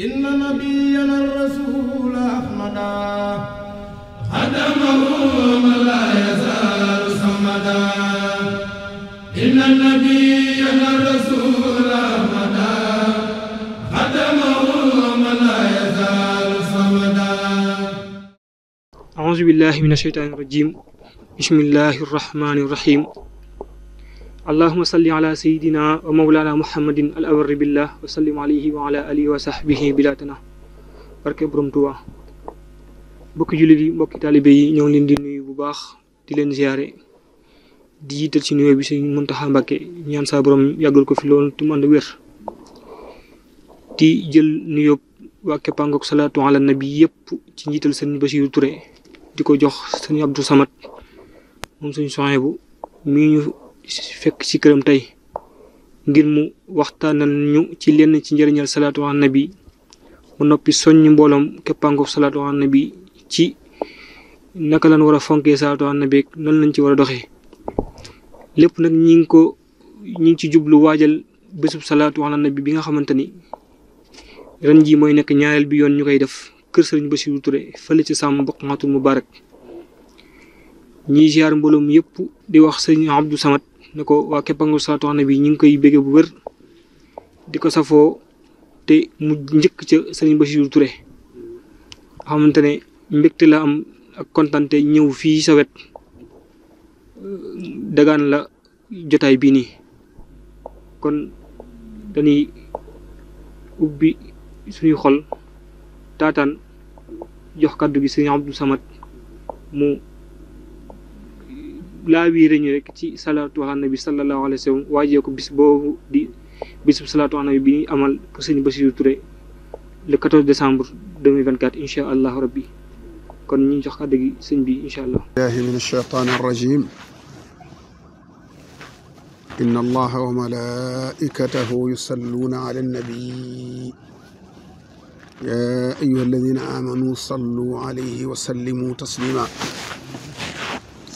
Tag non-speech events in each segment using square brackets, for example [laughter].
إن نبينا الرسول أحمدا خدمه لا يزال صمدا إن نبينا الرسول أحمدا خدمه لا يزال صمدا أعوذ بالله من الشيطان الرجيم بسم الله الرحمن الرحيم allahuma salli ala sayidina wa maulana muhammadin al awarri billah wa sallim alayhi wa ala alihi wa sahbihi bilatana barke borom Tuubaa mbokki jullit yi mbokki taalibe yi ñoo ngi leen di nuyu bu baax di leen ziare di jiital ci nuyoo bi Sëñ Muntaxa Mbàkke ñaan saa borom yàggal ko fi loolu te mu ànd wér di jël nuyoo waa Kepaangook salaatu ala nabi yëpp ci njiital sëñ Basiiru Ture di ko jox sëñ Abdou Samad moom sëñ Sohaybu mi ñu fekk ci këram tey ngir mu waxtaan ñu ci lenn ci njëriñal salaatu ala nabi noppi soññ mbooloom keppaangu salaatu ala ci naka lañ war a fonkee salaatu ala nabi nan lañ ci war a doxee lépp nag ñi ngi ko ñi ngi ci jublu waajal bésub salaatu ala nabi bi nga xamante ni ren jii mooy nekk ñaareel bi yoon ñu koy def kër Sëriñ Bassirou Touré fële ci sàmm Boqatul Mubarak ñiy ziar mbooloom yëpp di wax Sëriñ Abdou Samad ne ko waa Képpangu Satoxna bi ñu ngi koy béggee bu wér di ko safoo te mu njëkk ca sëriñ Bachir Touré xamante ne mbégte la am ak kontante ñëw fii sa wet dagaan la jotaay bii nii kon dañuy ubbi suñuy xol taataan jox kàddu gi sëriñ Abdou Samad mu laa wiire ñu rek ci salaatu ala nabi sallallahu alayhi wa sallam waajee ko bis boobu di bisub salaatu ala nabi bi ñuy amal pour sëñ Bassirou Touré le 14 décembre rabbi kon ñu jox kàddu gi sëñ bi incha allah. billahi min ashaytaani rajim inna allaha wa malaikatahu yusalluna ala nabi ya ayuha alladina amanu sallu alayhi wa sallimu taslima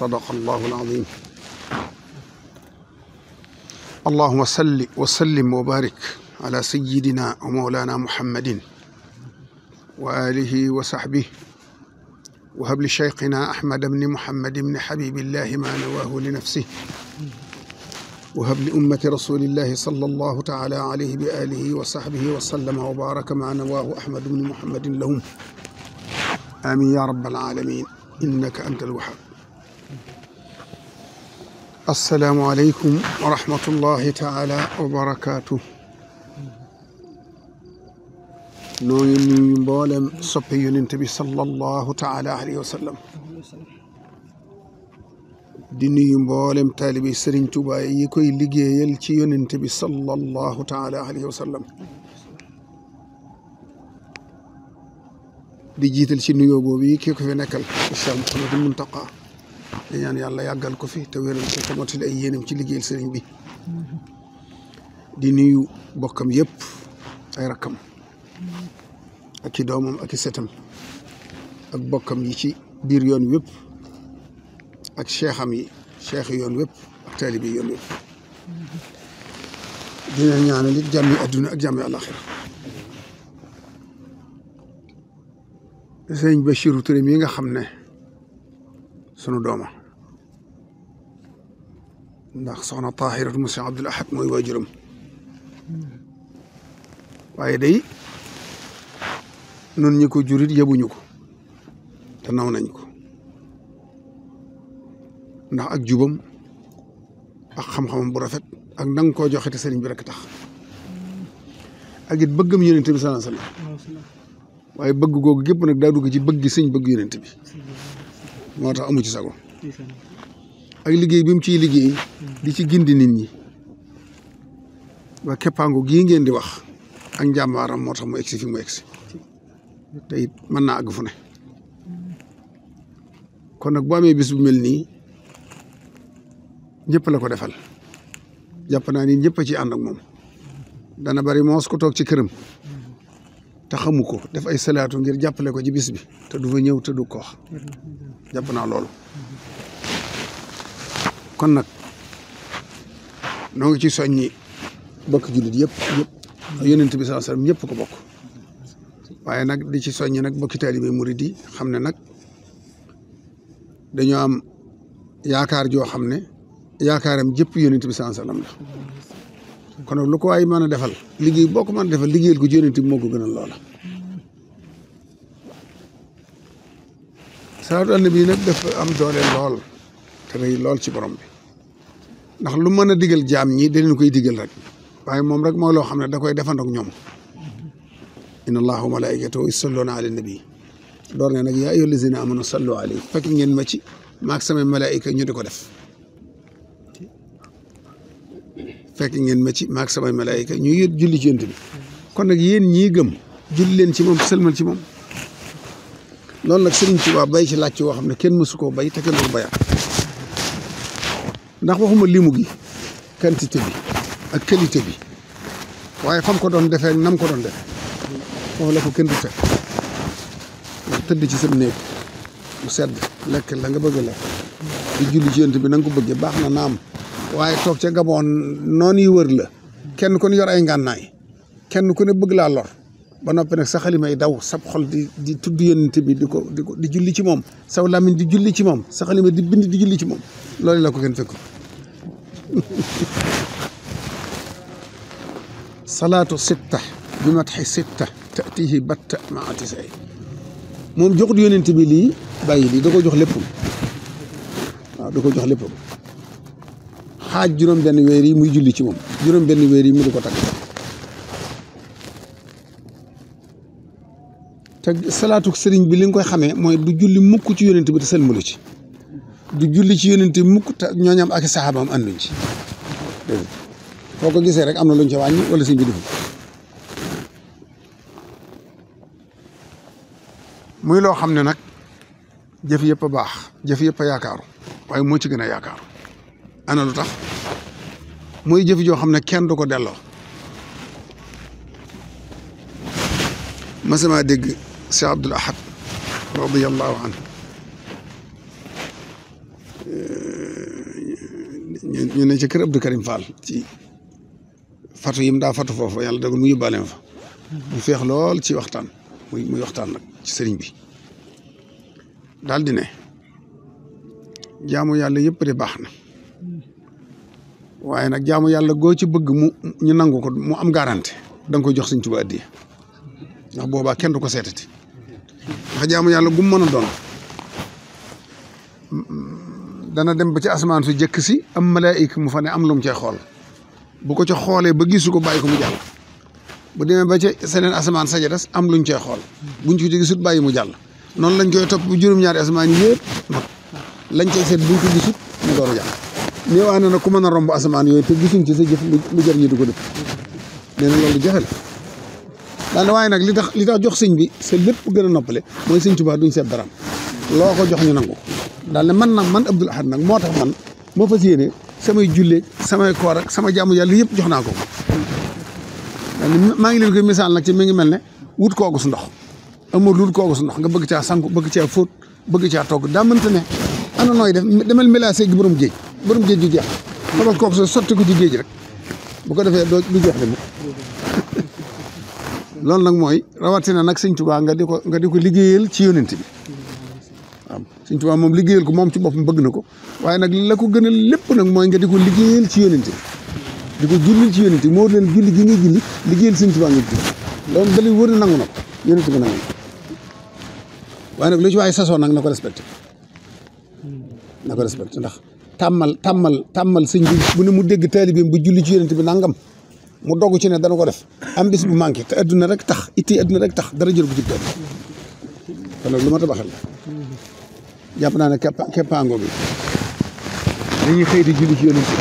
sadaqa allahu alazim allahuma salli wa sallim wa barik ala sayidina wa mawlana muhammadin wa alihi wa sahbih wa habli cheikhina ahmad bni muhammad bni habibillahi ma nawaahu li nafsih wa habli ummati rasulillahi salla allahu taala alayhi bi alihi wa sahbihi wa sallama wa baraka ma nawaahu ahmad bni muhammadin lahum amin ya rabbal alamin innaka anta alwahhab asalaamualeykum wa rahmatullahi taala wa barakaatu noo ngi nuyu mboolem soppe yonent bi sallallahu taala alayhi wa sallam di nuyu mboolem taalibi Sëriñ Tuubaa yi koy liggéeyal ci yonent bi sallallahu taala alayhi wa sallam di jiital ci nuyoo boobu yi kii ko fi nekkal Cheikh Mouhamadou Mountakha di ñaan yàlla yàggal ko fi te wéral ko te mottali ay yéenam ci liggéeyal sëriñ bi di nuyu bokkam yëpp ay rakkam ak i doomam ak setam ak bokkam yi ci biir yoon wépp ak cheikham yi cheikh yoon wépp ak taalibi yoon wépp dina ñaanal it jàmmi adduna ak jàmmi àlaxira sëriñ Bachirou Touré mii nga xam ne sunu dooma ndax soxna Tahiratu mu Cheikh Abdoul Ahad mooy waajuram waaye day nun ñi ko jurit yebuñu ko te naw nañ ko ndax ak jubam ak xam-xamam bu rafet ak nang koo joxe te sëriñ bi rek tax agit it bëggam yonent bi sallallahu waaye bëgg googu gépp nag daa dugg ci bëgg sëñ bëgg yonent bi moo tax amu ci sago ak liggéey bi mu ciy liggéey di ci gindi nit ñi ba gi gii ngeen di wax ak njàmbaaram moo tax mu egsi fi mu egsi te it mën naa àgg kon nag boo amee bis bu mel nii ñëpp la ko defal jàpp naa ni ñëpp a ci ànd ak moom dana bari moos ko toog ci këram te xamu ko def ay salaatu ngir jàppale ko ci bis bi te du fa ñëw te du ko jàpp naa loolu kon nag noo ngi ci soññi bokk jullit yëpp yëpp yonent bi sallallahu alayhi wasallam ko bokk waaye nag di ci soññi nag bokki taalibe murid yi xam ne nag dañoo am yaakaar joo xam ne yaakaaram jépp yonent bi sallallahu alayhi wasallam la kon nag lu ko waay mën a defal liggéey boo ko mën a defal liggéeyal ko ci yonent moo ko gënal loola salaatu annabi nag def am doole lool te rëy lool ci borom bi ndax lu mën a digal jaam ñii danañ koy digal rek waaye moom rek moo loo xam ne da koy defandoog ñoom inna allaha wa malaikatahu yusalluuna ala nabi door ne nag yaa ayyuha allazina amanu sallu alayhi fekk ngeen ma ci maak samay malaayika ñu di ko def fekk ngeen ma ci maak samay malaayika ñu yë julli ci yonent bi kon nag yéen ñii gëm julli leen ci moom sëlmal ci moom loolu nag Sëriñ Tuubaa bay ci laaj ci woo xam ne kenn mësu koo bay te kenn du ko bayaat ndax waxuma limu gi quantité bi ak qualité bi waaye fam ko doon defee nam ko doon defee foofu la ko kenn du fekk tëdd ci sam néeg mu sedd lekk la nga bëgg la lekk di julli ci yent bi na nga ko bëggee baax na naam waaye toog ca gaboon noonu yi wër la kenn ku ne yor ay ngànnaay kenn ku ne bëgg laa lor ba noppi nag sa xalima daw sab xol di di tudd yonent bi di ko di ko di julli ci moom saw làmmiñ di julli ci moom sa xalima di bind di julli ci moom loolu la ko kenn fekk [laughs] salaatu sitta bi matxi sitta tatihi batta ma atisay moom joxut yonent bi lii bàyyi lii da ko jox léppam waaw da ko jox léppam xaaj juróom benn weer yi muy julli ci moom juróom benn weer yi mu di ko tagg te salaatu sëriñ bi li nga koy xamee mooy du julli mukk ci yonent bi te sëlmalu ci du julli ci yonent mukk te ñooñam ak saxaabam ànduñ ci dégg foo ko gisee rek am na luñ ci wàññi wala sëñ bi defu muy loo xam ne nag jëf yëpp a baax jëf yëpp a yaakaaru waaye moo ci gën a yaakaaru ana lu tax mooy jëf joo xam ne kenn du ko delloo masama dégg Cheikh Abdoul Ahad radiyallahu anhu ñu ne ci kër Abdou Karim Fall ci fatu yim daa fatu foofu yàlla dogal mu yóbbaale ma fa. mu feex lool ci waxtaan mu muy waxtaan nag ci sëriñ bi daal di ne jaamu yàlla yëpp de baax na waaye nag jaamu yàlla goo ci bëgg mu ñu nangu ko mu am garanti da nga koy jox sëñ Tuubaa addiya ndax boobaa kenn du ko seetati ndax jaamu yàlla gum mën a doon. dana dem ba ci asamaan su jëkk si am malaayika mu fa ne am lu mu cay xool bu ko ca xoolee ba gisu ko bàyyi bu demee ba ca seneen asamaan saja des am luñ cay xool buñ ko ci gisut bàyyi mu jàll noonu lañ koy topp bu juróom-ñaari asamaan yi lañ cay seet buñ ko gisut mu door a jàll na nag ku mën a romb asamaan yooyu te gisuñ ci sa jëf mu jar ñi du ko def nee loolu jafe la daal waaye nag li tax li tax jox sëñ bi sa lépp gën a noppale mooy sëñ Tuubaa duñ seet dara loo ko jox ñu nangu daal ne man nag man Abdoul Ahad nag moo tax man moo fas yéene samay julleeg samay koor sama jàmm yàlla yëpp jox naa ko maa ngi leen koy misaal nag ci mi ngi mel ne wut kooku su ndox amul wut kooku su ndox nga bëgg caa sanku bëgg caa fóot bëgg caa togg daa mënta ne ana nooy def demal mélancé gi borom géej borom géej ju jeex xamal kooku su sotti ko ci géej rek bu ko defee doo du jeex [laughs] nag mooy rawatina nag sëñ Tuubaa nga di ko nga di ko liggéeyal ci yónent bi Sëñ Tuubaa moom liggéeyal ko moom ci boppam bëgg na ko waaye nag la ko gënal lépp nag mooy nga di ko liggéeyal ci yónente di ko jullil ci yónente leen julli gi ngay julli liggéeyal Sëñ Tuubaa nga loolu da lay wër ne nangu na ko yónente bi nangu na waaye nag lu ci waaye sasoo ko respecté na ndax tàmmal tàmmal tàmmal sëñ bi bu ne mu dégg taalibeem bu julli ci yónente bi nangam mu dogg ci ne dana ko def am bis bu manqué te adduna rek tax itti adduna rek tax dara jël ko ci kon lu ma tabaxal la jàpp naa ne keppaango bi dañuy xëy di julli ci yonent bi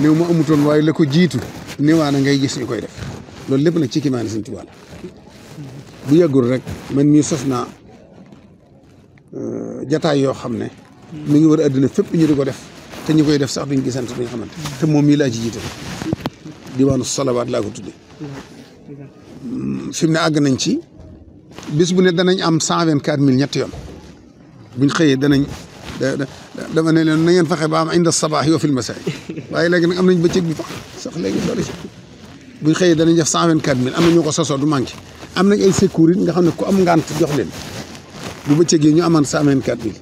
néew ma amutoon waaye la ko jiitu néewaana ngay gis ñu koy def loolu lépp nag ci kimaani Sëñ Tuubaa la bu yàggul rek man mii sos naa euh, jataay yoo xam ne mi ngi war a àddina fépp ñu di ko def te ñu koy def sax duñ gisante duñ xamante te moom mii laa ci jiite diwaanu salawaat laa ko tudde mm, fi ne àgg nañ ci bis bu ne danañ am cent vingt quatre mille ñetti yoon buñ xëyee danañ dama ne leen na ngeen faxe ba am inda sabaax yoo fil masaa waaye léegi nag am nañ bëccëg bi fax sax léegi doole si buñ xëyee danañ def cent vingt quatre am na ko sosoo du manqué am nañ ay secours it nga xam ne ku am ngant jox leen bu bëccëgee ñu amaat cent vingt quatre mille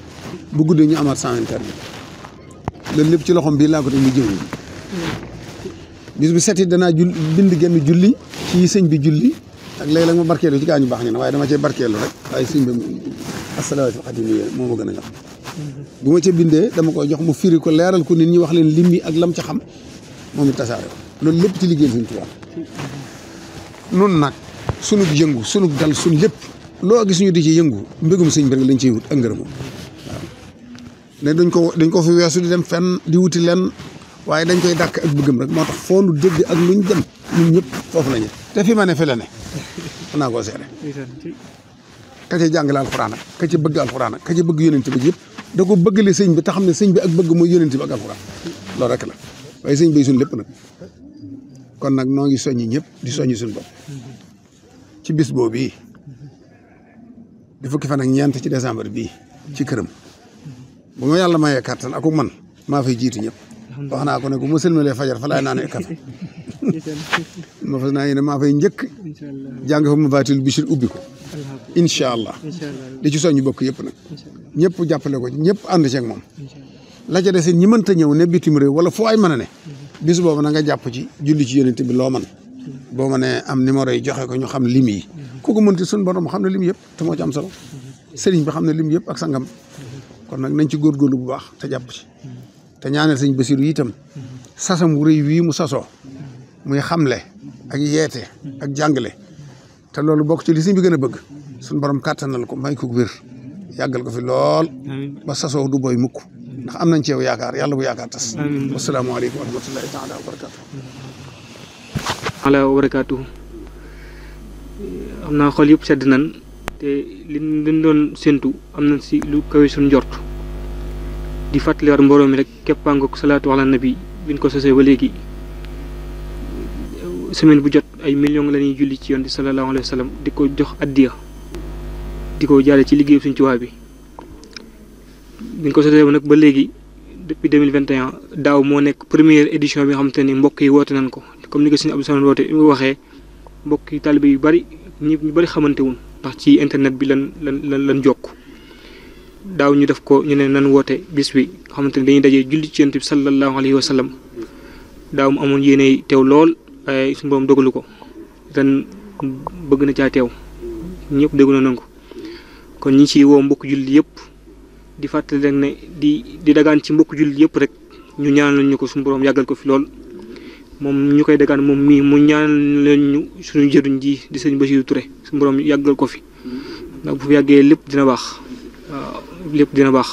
bu guddee ñu amaat cent vingt quatre mille loolu lépp ci loxoom bii laa ko teg mu jëm bis bi set it danaa jul bind genn julli ci sëñ bi julli ak léeg-léeg ma barkeelu ci gaa ñu baax ñu ne waaye dama cee barkeelu rek waaye sëñ bi asalawaatu xadimiya moo ma gën a jox bu ma ca bindee dama koy jox mu firi ko leeral ko nit ñi wax leen lim yi ak lam ca xam moom it tasaare loolu lépp ci liggéey liggéeyal ci Tuubaa nun nag sunu yëngu sunu dal sunu lépp loo gis ñu di ci yëngu mbégum sëñ bi rek lañ ciy wut ak ngërëmam dañ ko dañ ko fi weesu di dem di wuti lenn waaye dañ koy dàkk ak bëggam rek moo tax foo nu dégg ak luñ dem ñun ñëpp foofu la ñu te fi ma ne fi la ne xanaa koo seere ka ca jàngale alxuraan ak ka ca bëgg alxuraan ak ka ca bëgg yonent bi yëpp da bi te xam ne sëñ bi ak bëgg mooy yonent bi ak alxuraan loolu rek la waaye sëñ bi suñ lépp nag kon nag noo ngi soññi ñëpp di soññi suñ bopp ci bis boobu bi di fukki fan ak ñeent ci décembre bi ci këram bu ma yàlla mayee kàttan aku man maa fay jiitu ñëpp wax naa ko ne ko ma sëlmalee fajar fa laay naan kafe ma fas naa yéene maa fay njëkk jàng fa ma baatil bichir ubbi ko incha allah di ci soññu bokk yëpp nag ñëpp jàppale ko ñëpp and ceeg moom la ca des ñi mënta ñëw ne bitim réew wala foo ay mën a ne mm-hmm. bis boobu na nga jàpp ci julli ci yonent bi loo man mm-hmm. boo ma ne am numéro yi joxe ko ñu xam lim yi mm-hmm. ku ko mënti suñ borom xam ne lim yëpp te moo ci am solo sëriñ bi xam ne lim yëpp ak sangam kon nag nañ ci góorgóorlu bu baax te jàpp ci te ñaanal sëñ Basiru itam sasam wu rëy wii mu saso muy xamle ak yeete ak jàngale te loolu bokk ci li sëñ bi gën a bëgg suñu borom kàttanal ko may ko wér yàggal ko fi lool ba sasoo du boy mukk ndax am nañ ci yaakaar yàlla bu yaakaar tas wasalaamaaleykum wa rahmatullahi naa xol yëpp sedd nan te li ñu doon séntu am na si lu kawe suñ njort di fàttaliwaat mbooloo mi rek képp a ngoog salaatu ala nabi biñ ko sosee ba léegi semaine bu jot ay million la ñuy julli ci yoon bi sallallahu alayhi wa sallam di ko jox di ko jaale ci liggéeyu suñ tubaab bi bi nga ko sotee nag ba léegi depuis deux mille vingt et daaw moo nekk première édition bi nga ni mbokk yi woote nañ ko comme ni ko suñu Abdou Samane woote waxee mbokk yi taalibe yu bari ñi ñu bari xamante wuñ ndax ci internet bi lan lan lan lan jokk daaw ñu def ko ñu ne nan woote bis xamante ni dañuy dajee julli ci yonent bi sallallahu alayhi wa sallam daaw mu amoon yéenay teew lool waaye suñu borom dogalu ko ren bëgg na caa teew ñëpp dégg na ko kon ñi ci woo mbokk jullit yëpp di fàttali rek ne di di dagaan ci mbokk jullit yëpp rek ñu ñaanal ñu ko su borom yàggal ko fi lool moom ñu koy dagaan moom mii mu ñaanal leen ñu suñu jëriñ ji di sëñ Bassirou Touré suñu borom yàggal ko fi ndax bu fi yàggee lépp dina baax lépp dina baax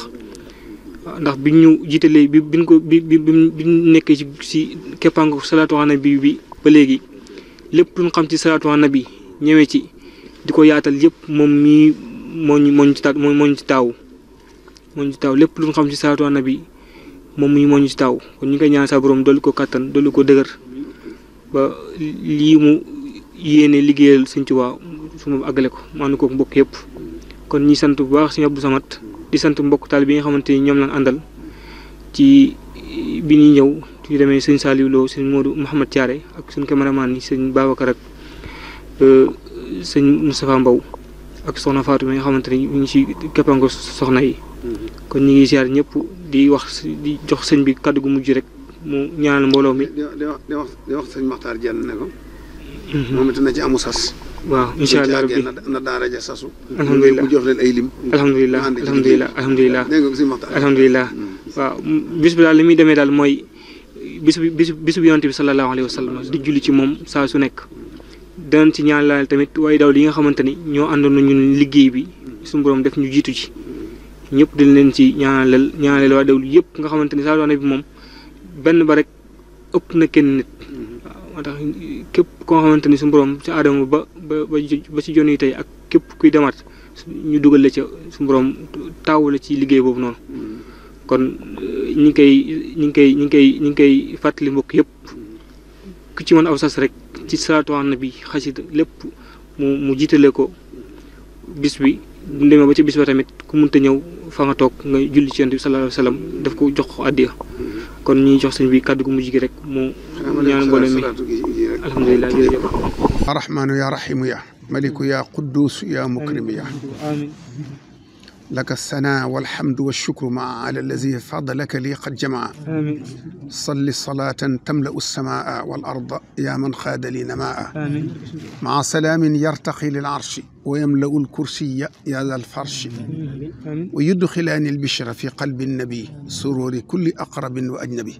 ndax bi ñu jiitalee bi biñ ko bi bi bi nekkee ci ci keppaangu salaatu ala bi ba léegi. lépp luñ xam ci salaatu an nabi ñëwee ci di ko yaatal yëpp moom mii moo ñu ci taat moo ñu ci taaw moo ci taaw lépp luñ xam ci salaatu an moom mii moo ci taaw kon ñu ngi koy ñaan sa boroom dolli ko kàttan doolu ko dëgër lii mu yéene liggéeyal Sëñ Tuubaa àggale ko maanaam ko mbokk yëpp kon ñi sant bu baax Sëñ Abdou Samad di sant mbokk taal bi nga xamante ni ñoom lañ àndal ci bi ñuy ñëw. ci demee sëñ Saliou Lo sëñ Modou Mouhamed Thiaré ak sëñ caméraman yi sëñ Babacar ak euh, sëñ Moustapha Mbow ak soxna Fatou mi nga ni ñu ngi soxna yi mm-hmm. kon ñu ngi ziar ñëpp di wax di jox sëñ bi kàddu gu mujj rek mu ñaanal mbooloo mi. di wax di mm-hmm. na ci amu sas. waaw incha allah rabbi mu jox leen ay lim. alhamdulilah alhamdulilah mm. bis bi daal li muy demee daal mooy. bisu bisu bisu bi yonte bi sallallahu alayhi wa sallam di julli ci moom saa su nekk danañ ci ñaan laal tamit waaye daw li nga xamante ni ñoo àndoon ñun liggéey bi suñu borom def ñu jiitu ci ñëpp dañ leen ci ñaanalal ñaanalal waa dawlu yëpp nga xamante ni saa doone bi moom benn ba rek ëpp na kenn nit waaw moo tax képp koo xamante ni suñu borom ci aadama ba ba ba ci jonni tey ak képp kuy demaat ñu dugal la ca suñu borom taawu la ci liggéey boobu noonu kon eh, ñu ngi koy ñu ngi koy ñi ngi koy ñi ngi koy fàttali mbokk yëpp ku ci mën aw sas ci salaatu an nabi xasida lépp mu mu jiitale ko bis bi bu demee ba ci bis ba tamit ku mënta ñëw fa a toog nga julli ci yonent bi sallallahu daf ko jox ko kon ñuy jox sëñ bi kàddu gu mujj gi rek mu ñaan mbooloo mi alhamdulilah jërëjëf arrahmaanu ya rahimu ya maliku ya quddus ya mukrimu ya laka alsanaa walhamdu walchukru maa ala allazi fadlaka lii qad jamaa salli salaatan tamlau alsamaa wal arda yaa man xaada li namaa maa salaamin yartaqi lil arshi wa yamlau alkursiya yaa zal farshi wa yudxilaani albishra fi qalbi annabi sururi kulli aqrabin wa ajnabi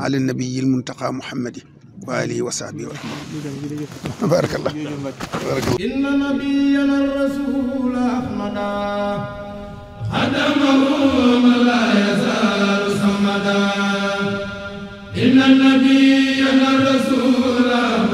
ala annabiyi almuntaqa muhammadi wa alihi wa sahbihi wa rahmatulah barakallah inna nabiyana rasula ahmada إن النبي الرسول